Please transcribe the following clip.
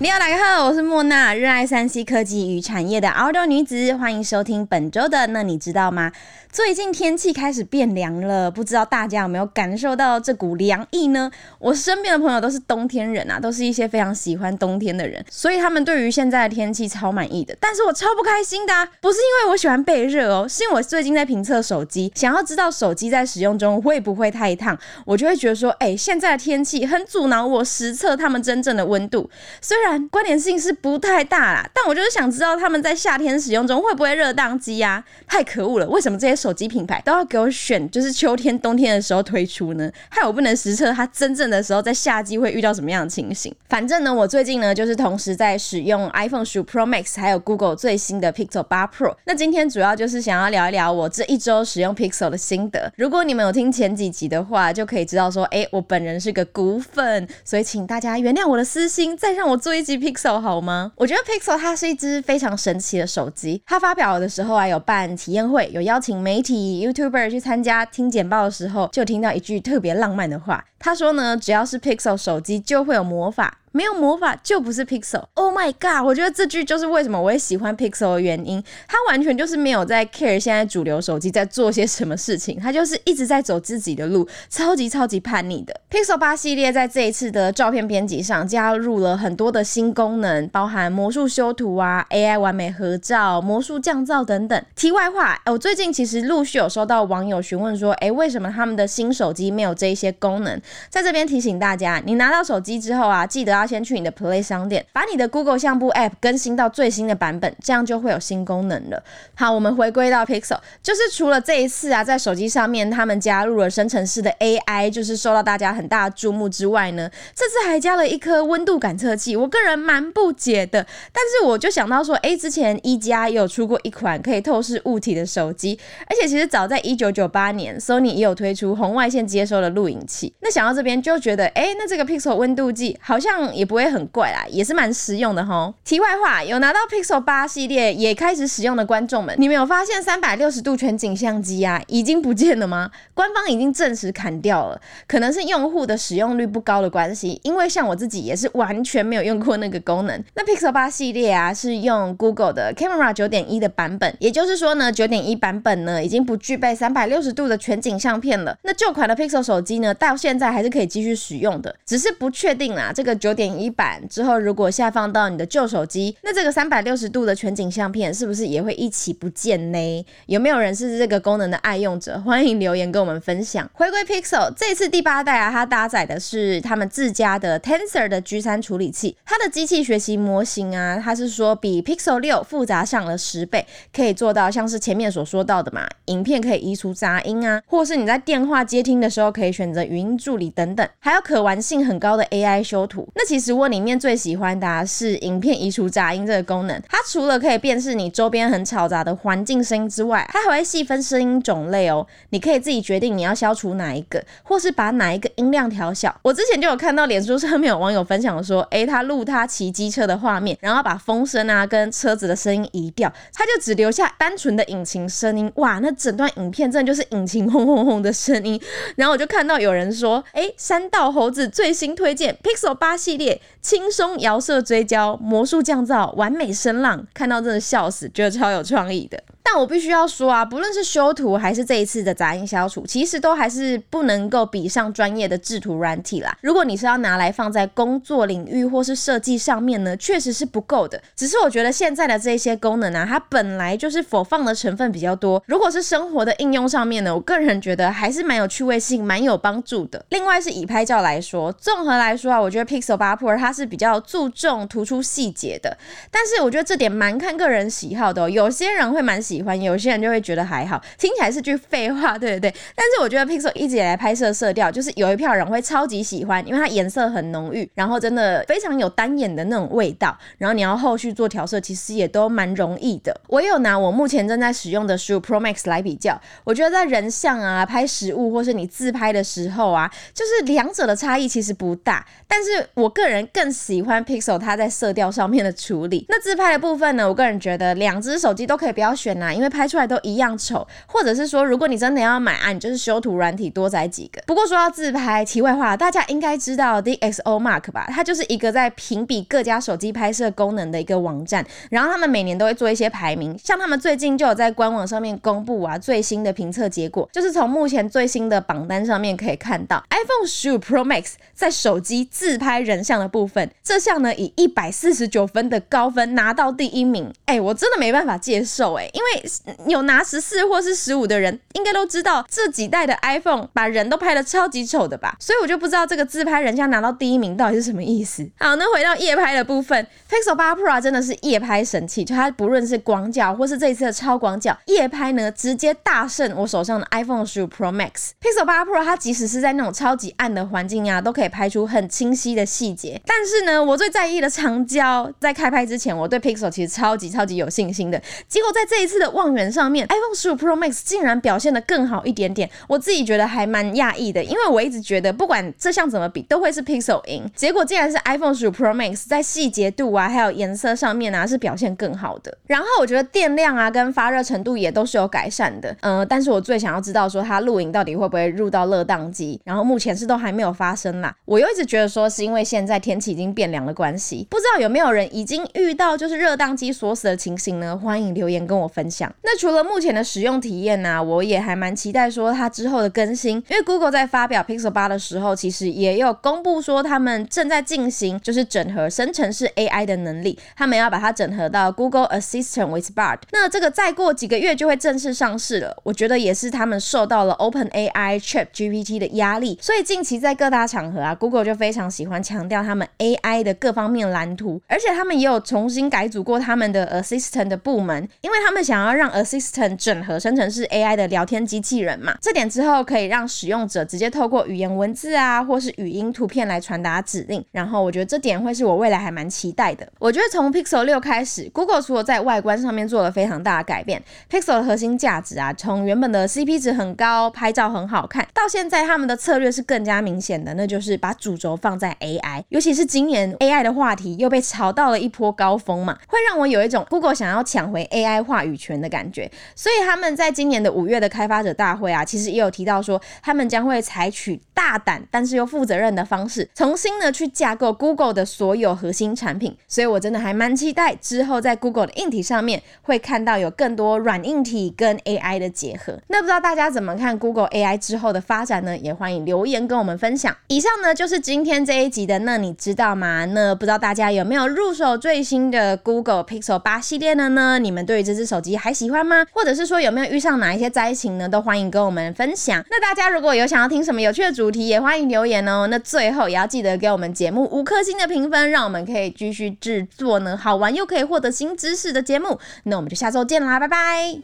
你好，大家好，我是莫娜，熱愛 3C 科技與產業的澳洲女子，歡迎收聽本週的那你知道嗎？最近天氣開始變涼了，不知道大家有沒有感受到這股涼意呢？我身邊的朋友都是冬天人啊，都是一些非常喜歡冬天的人，所以他們對於現在的天氣超滿意的。但是我超不開心的、啊，不是因為我喜歡被熱哦，是因為我最近在評測手機，想要知道手機在使用中會不會太燙，我就會覺得說，誒、欸，現在的天氣很阻撓我實測他們真正的溫度，雖然。關聯性是不太大啦，但我就是想知道他們在夏天使用中會不會熱宕機呀？太可惡了！為什麼這些手機品牌都要給我選？就是秋天、冬天的時候推出呢？害我不能實測它真正的時候在夏季會遇到什麼樣的情形。反正呢，我最近呢就是同時在使用 iPhone 15 Pro Max，還有 Google 最新的 Pixel 8 Pro。那今天主要就是想要聊一聊我這一週使用 Pixel 的心得。如果你們有聽前幾集的話，就可以知道說，哎、欸，我本人是個谷粉，所以請大家原諒我的私心，再讓我做。一集 Pixel 好嗎？我覺得 Pixel 它是一支非常神奇的手機。它發表的時候啊，有辦體驗會，有邀請媒體、YouTuber 去參加。聽簡報的時候，就聽到一句特別浪漫的話。他說呢，只要是 Pixel 手機，就會有魔法。沒有魔法就不是 Pixel，Oh my God！我覺得這句就是為什麼我會喜歡 Pixel 的原因，它完全就是沒有在 care 現在主流手機在做些什麼事情，它就是一直在走自己的路，超級超級叛逆的。Pixel 8系列在這一次的照片編輯上加入了很多的新功能，包含魔術修圖啊、AI 完美合照、魔術降噪等等。題外話，我最近其實陸續有收到網友詢問說，誒，為什麼他們的新手機沒有這一些功能？在這邊提醒大家，你拿到手機之後啊，記得要。先去你的 Play 商店，把你的 Google 相簿 App 更新到最新的版本，這樣就會有新功能了。好，我們回歸到 Pixel，就是除了這一次啊，在手機上面他們加入了生成式的 AI，就是受到大家很大的注目之外呢，這次還加了一顆溫度感測器。我個人蠻不解的，但是我就想到說，哎，之前一加也有出過一款可以透視物體的手機，而且其實早在一九九八年，Sony 也有推出紅外線接收的錄影器。那想到這邊就覺得，哎，那這個 Pixel 溫度計好像。也不會很怪啦，也是蠻實用的吼，題外話，有拿到 Pixel 八系列也開始使用的觀眾們，你們有發現三百六十度全景相機啊已經不見了嗎？官方已經證實砍掉了，可能是用戶的使用率不高的關係。因為像我自己也是完全沒有用過那個功能。那 Pixel 八系列啊是用 Google 的 Camera 九點一的版本，也就是說呢，九點一版本呢已經不具備三百六十度的全景相片了。那舊款的 Pixel 手機呢，到現在還是可以繼續使用的，只是不確定啦，這個九。點一版之後，如果下放到你的舊手機，那這個360度的全景相片是不是也會一起不見呢？有沒有人是這個功能的愛用者？歡迎留言跟我們分享。回歸 Pixel 這次第八代啊，它搭載的是他們自家的 Tensor 的 G3 處理器，它的機器學習模型啊，它是說比 Pixel 6複雜上了十倍，可以做到像是前面所說到的嘛，影片可以移除雜音啊，或是你在電話接聽的時候可以選擇語音助理等等，還有可玩性很高的 AI 修圖那。其實我裡面最喜歡的啊，是影片移除雜音這個功能，它除了可以辨識你周邊很嘈雜的環境聲音之外，它還會細分聲音種類哦。你可以自己決定你要消除哪一個，或是把哪一個音量調小。我之前就有看到臉書上面有網友分享說，誒、欸，他錄他騎機車的畫面，然後把風聲啊跟車子的聲音移掉，他就只留下單純的引擎聲音。哇，那整段影片真的就是引擎轟轟轟的聲音。然後我就看到有人說，誒、欸，山道猴子最新推薦 Pixel 8系。輕鬆搖攝追焦，魔術降噪，完美聲浪，看到真的笑死，覺得超有創意的。但我必須要說啊，不論是修圖還是這一次的雜音消除，其實都還是不能夠比上專業的製圖軟體啦。如果你是要拿來放在工作領域或是設計上面呢，確實是不夠的。只是我覺得現在的這些功能啊，它本來就是 for fun 的成分比較多。如果是生活的應用上面呢，我個人覺得還是蠻有趣味性、蠻有幫助的。另外是以拍照來說，綜合來說啊，我覺得 Pixel 8 Pro 它是比較注重突出細節的，但是我覺得這點蠻看個人喜好的哦，有些人會蠻喜。喜歡有些人就會覺得還好，聽起來是句廢話，對不對？對？但是我覺得 Pixel 一直以來拍攝色調，就是有一票人會超級喜歡，因為它顏色很濃郁，然後真的非常有單眼的那種味道。然後你要後續做調色，其實也都蠻容易的。我有拿我目前正在使用的15 Pro Max 來比較，我覺得在人像啊、拍實物或是你自拍的時候啊，就是兩者的差異其實不大。但是我個人更喜歡 Pixel 它在色調上面的處理。那自拍的部分呢，我個人覺得兩隻手機都可以不要選啊。因為拍出來都一樣醜，或者是說，如果你真的要買啊，你就是修圖軟體多載幾個。不過說到自拍，題外話，大家應該知道 DxO Mark 吧？它就是一個在評比各家手機拍攝功能的一個網站，然後他們每年都會做一些排名。像他們最近就有在官網上面公布啊，最新的評測結果，就是從目前最新的榜單上面可以看到，iPhone 15 Pro Max 在手機自拍人像的部分，這項呢以一百四十九分的高分拿到第一名。哎、欸，我真的沒辦法接受誒、欸，因為。有拿十四或是十五的人，應該都知道這幾代的 iPhone 把人都拍得超級醜的吧？所以我就不知道這個自拍人家拿到第一名到底是什麼意思。好，那回到夜拍的部分，Pixel 八 Pro 真的是夜拍神器，就它不論是廣角或是這一次的超廣角夜拍呢，直接大勝我手上的 iPhone 十五 Pro Max。Pixel 八 Pro 它即使是在那種超級暗的環境呀、啊，都可以拍出很清晰的細節。但是呢，我最在意的長焦，在開拍之前，我對 Pixel 其實超級超級有信心的，結果在這一次的。望遠上面，iPhone 15 Pro Max 竟然表現得更好一點點，我自己覺得還蠻訝異的，因為我一直覺得不管這項怎麼比，都會是 Pixel 贏，結果竟然是 iPhone 15 Pro Max 在細節度啊，還有顏色上面啊是表現更好的。然後我覺得電量啊跟發熱程度也都是有改善的，嗯、呃，但是我最想要知道說它錄影到底會不會入到熱當機，然後目前是都還沒有發生啦。我又一直覺得說是因為現在天氣已經變涼的關係，不知道有沒有人已經遇到就是熱當機鎖死的情形呢？歡迎留言跟我分享。那除了目前的使用體驗呢、啊，我也還蠻期待說它之後的更新，因為 Google 在發表 Pixel 8的時候，其實也有公布說他們正在進行就是整合生成式 AI 的能力，他們要把它整合到 Google Assistant with Bard。那這個再過幾個月就會正式上市了，我覺得也是他們受到了 OpenAI ChatGPT 的壓力，所以近期在各大場合啊，Google 就非常喜歡強調他們 AI 的各方面藍圖，而且他們也有重新改組過他們的 Assistant 的部門，因為他們想要。然後讓 Assistant 整合生成式 AI 的聊天機器人嘛，這點之後可以讓使用者直接透過語言文字啊，或是語音圖片來傳達指令。然後我覺得這點會是我未來還蠻期待的。我覺得從 Pixel 六開始，Google 除了在外觀上面做了非常大的改變，Pixel 的核心價值啊，從原本的 CP 值很高，拍照很好看到現在，他們的策略是更加明顯的，那就是把主軸放在 AI，尤其是今年 AI 的話題又被炒到了一波高峰嘛，會讓我有一種 Google 想要搶回 AI 話語權的感覺，所以他們在今年的五月的開發者大會啊，其實也有提到說，他們將會採取大膽但是又負責任的方式，重新呢去架構 Google 的所有核心產品。所以我真的還蠻期待之後在 Google 的硬體上面會看到有更多軟硬體跟 AI 的結合。那不知道大家怎麼看 Google AI 之後的發展呢？也歡迎留言跟我們分享。以上呢就是今天這一集的。那你知道嗎？那不知道大家有沒有入手最新的 Google Pixel 8系列的呢？你們對於這支手機？還喜歡嗎？或者是說，有沒有遇上哪一些災情呢？都歡迎跟我們分享。那大家如果有想要聽什麼有趣的主題，也歡迎留言哦。那最後也要記得給我們節目五顆星的評分，讓我們可以繼續製作呢好玩又可以獲得新知識的節目。那我們就下周見啦，拜拜！